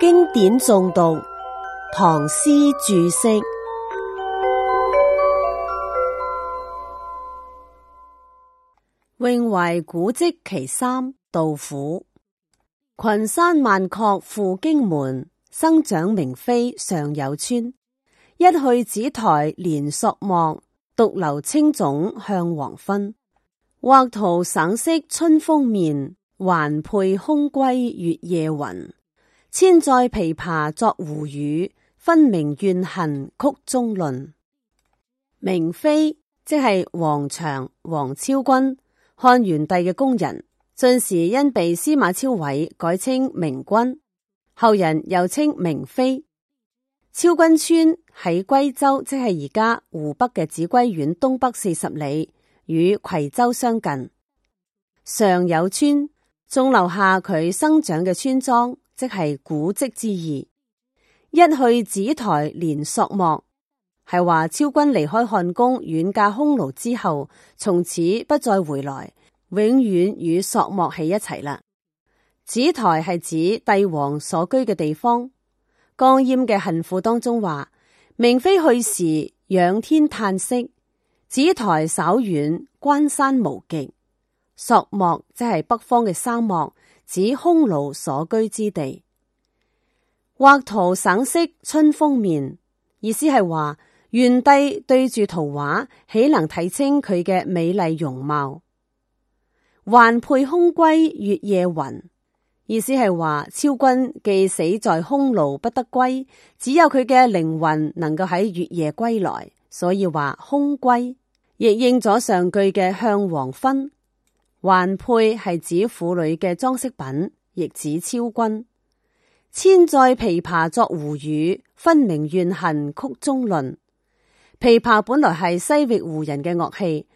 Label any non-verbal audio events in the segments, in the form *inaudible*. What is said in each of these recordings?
經典誦讀，唐詩注釋。《詠懷古迹其三》杜甫：群山萬壑赴荊門，生長明妃尚有村。一去紫台連朔漠，獨留青冢向黃昏。畫圖省識春風面，環佩空歸月夜魂。千載琵琶作胡語，分明怨恨曲中論。明妃即係王嬙，王昭君，漢元帝嘅宮人，晉時因被司馬昭諱改稱明君，後人又稱明妃。昭君村喺歸州，即係而家湖北嘅秭歸縣東北四十里，與夔州相近。上有村，仲留下佢生長嘅村莊。即係古跡之意，一去紫台連朔漠，係話昭君離開漢宮遠嫁匈奴之後，從此不再回來，永遠與朔漠喺一齊啦。紫台係指帝王所居嘅地方。江淹嘅恨賦當中話，明妃去時仰天嘆息，紫台稍遠，關山無極。朔漠，即係北方嘅沙漠。指匈奴所居之地。畫圖省識春風面，意思係話，元帝對住圖畫，豈能睇清佢嘅美麗容貌？環珮空歸月夜魂，意思係話，昭君既死在匈奴，不得歸，只有佢嘅靈魂能夠喺月夜歸來，所以話空歸，亦應咗上句嘅向黃昏。環佩係指婦女嘅裝飾品，亦指昭君。千載琵琶作胡語，分明怨恨曲中論。琵琶本來係西域胡人嘅樂器，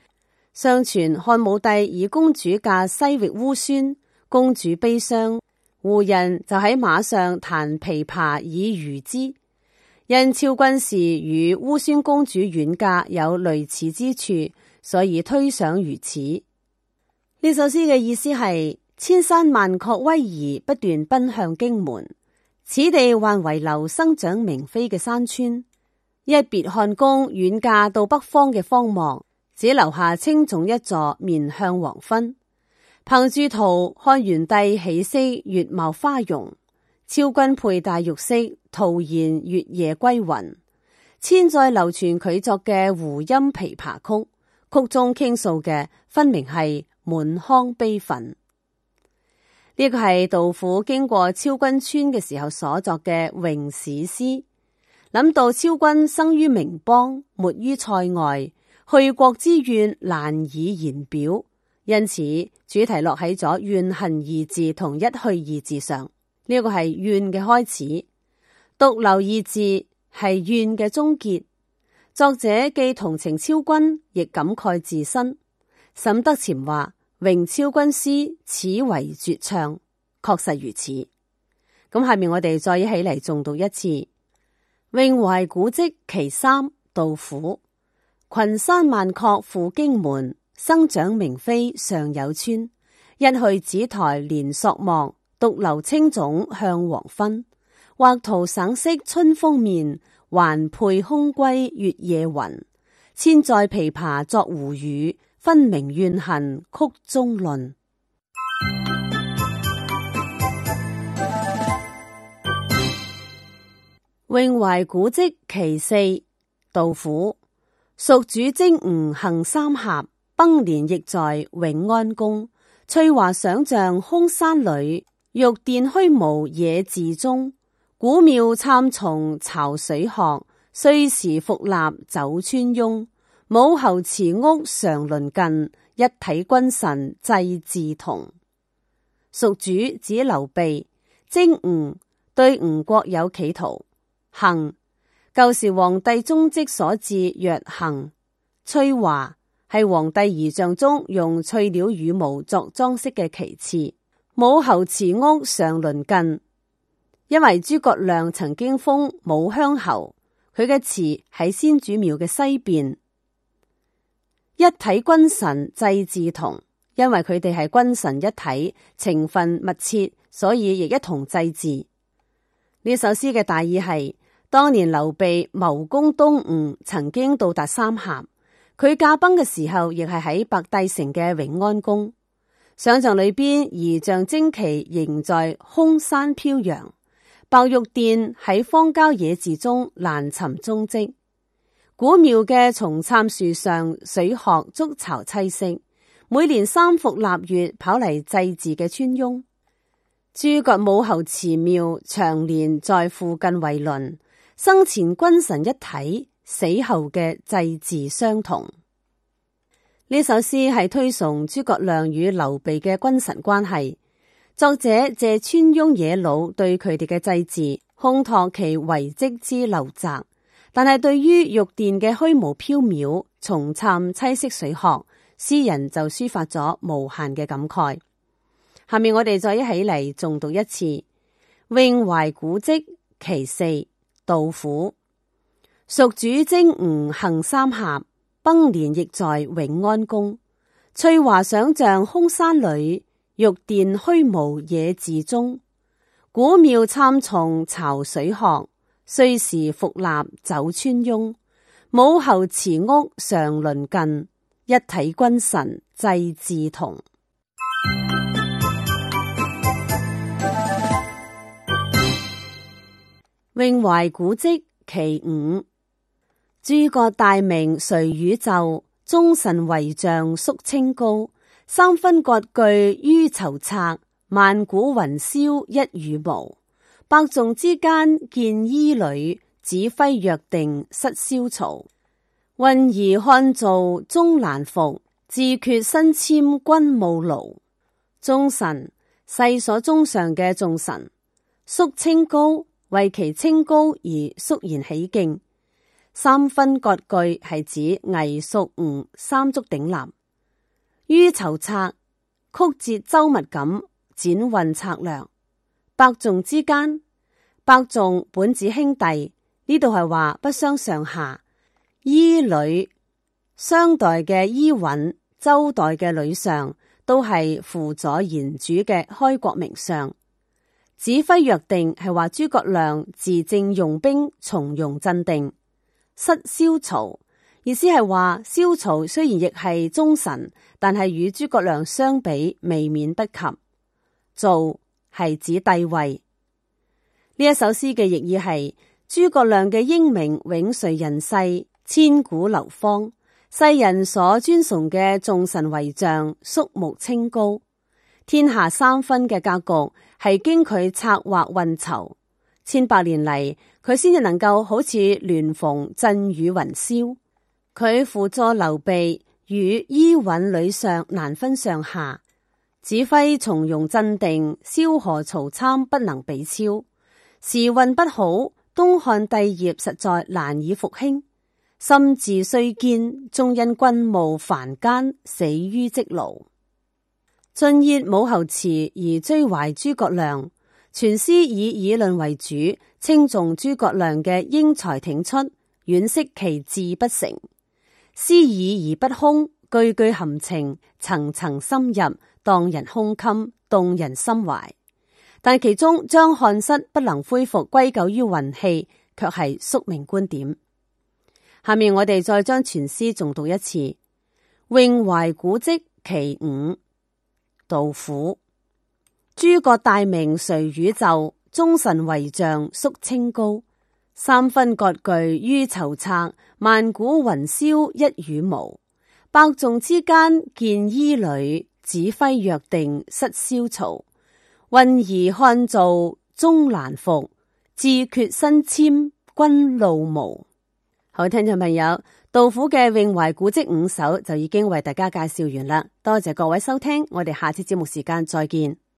相傳漢武帝以公主嫁西域烏孫，公主悲傷，悲傷胡人就喺馬上彈琵琶以娛之。因昭君時與烏孫公主遠嫁有類似之處，所以推想如此。呢首詩嘅意思係：千山萬壑逶迤不斷奔向荊門，此地還遺留生長明妃嘅山村。一別漢宮，遠嫁到北方嘅荒漠，只留下青冢一座面向黃昏。憑住圖看元帝起色月貌花容，昭君佩戴玉飾徒然月夜歸魂。千載流傳佢作嘅《胡音琵琶曲》，曲中傾訴嘅分明係，滿腔悲憤，呢個係杜甫經過昭君村嘅時候所作嘅詠史詩。諗到昭君生於明邦，沒於塞外，去國之怨難以言表，因此主題落喺咗怨恨二字同一去二字上。呢個係怨嘅開始，獨留二字係怨嘅終結。作者既同情昭君，亦感慨自身。沈德潛話：詠昭君詩此為絕唱，確實如此。咁下面我哋再一起嚟誦讀一次《詠懷古跡其三》杜甫：群山萬壑赴荊門，生長明妃尚有村。一去紫台連朔望，獨留青塚向黃昏。畫圖省識春風面，環佩空歸月夜雲。千載琵琶作胡語。分明怨恨曲中論。詠懷古迹其四，杜甫。蜀主精吳行三峽，崩年亦在永安宮。翠華想象空山裏，玉殿虛無野寺中。古廟杉松巢水鶴，歲時伏臘走村翁。武侯祠屋常鄰近，一體君臣祭祀同。屬主指劉備，征吳對吳國有企圖。幸，舊時皇帝宗跡所致若幸。翠華係皇帝儀仗中用翠鳥羽毛作裝飾嘅旗幟。武侯祠屋常鄰近，因為諸葛亮曾經封武鄉侯，佢嘅祠喺先主廟嘅西邊。一體君臣祭祀同，因為佢哋係君臣一體，情分密切，所以亦一同祭祀。呢首詩嘅大意係：當年劉備謀攻東吳，曾經到達三峽。佢駕崩嘅時候，亦係喺白帝城嘅永安宮。想象裏邊，儀仗旌旗仍在空山飄揚，白玉殿喺荒郊野寺中難尋蹤跡。古廟嘅松杉樹上，水鶴築巢棲息。每年三伏臘月，跑嚟祭祀嘅村翁。諸葛武侯祠廟長年在附近為鄰，生前君臣一體，死後嘅祭祀相同。呢首詩係推崇諸葛亮與劉備嘅君臣關係。作者借村翁野老對佢哋嘅祭祀，烘托其遺跡之流澤。但係對於玉殿嘅虛無縹緲、重參棲色水、水鶴，詩人就抒發咗無限嘅感慨。下面我哋再一起嚟誦讀一次《詠懷古跡其四》杜甫：蜀主精吳行三峽，崩年亦在永安宮。翠華想象空山裏，玉殿虛無野寺中。古廟參從巢，巢水鶴。歲時復立走川翁，武侯祠屋常鄰近，一體君臣祭祀同。 *noise* 詠懷古跡其五，諸葛大名垂宇宙，宗臣遺像肅清高。三分割據于籌策，萬古雲霄一羽毛。伯仲之間見衣履，指揮若定失蕭曹。運而看造終難服，自決身遷軍務勞。忠臣世所宗上嘅眾臣，肅清高，為其清高而肅然起敬。三分割據係指魏蜀吳三足鼎立。於籌策，曲折周密咁，展運策略，伯仲之間。伯仲本指兄弟，呢度係話不相上下。伊呂商代嘅伊尹，周代嘅呂尚，都係輔佐賢主嘅開國名相。指揮若定係話諸葛亮治政用兵從容鎮定，失蕭曹，意思係話蕭曹雖然亦係忠臣，但係與諸葛亮相比未免不及。做係指帝位。呢一首詩嘅譯意係諸葛亮嘅英明永垂人世，千古流芳。世人所尊崇嘅宗臣遺像，肅穆清高。天下三分嘅格局係經佢策劃運籌，千百年嚟佢先至能夠好似鸞鳳振宇雲霄。佢輔助劉備與伊尹、呂尚難分上下，指揮從容鎮定，蕭何、曹參不能比超。時運不好，東漢帝業實在難以復興，心志雖堅，終因軍務繁艱，死於積勞。晉謁武侯祠而追懷諸葛亮，全詩以議論為主，稱頌諸葛亮嘅英才挺出，惋惜其志不成。詩以而不空，句句含情，層層深入，蕩人胸襟，動人心懷。但其中將漢室不能恢復歸咎於運氣，卻係宿命觀點。下面我哋再將全詩重讀一次，《詠懷古跡其五》杜甫：諸葛大名垂宇宙，宗臣遺像肅清高。三分割據于籌策，萬古雲霄一羽毛。伯仲之間見伊呂，指揮若定失蕭曹。運移漢祚終難復，志決身殲軍務勞。好，聽眾朋友，杜甫嘅《詠懷古迹五首》就已經為大家介紹完啦。多謝各位收聽，我哋下次節目時間再見。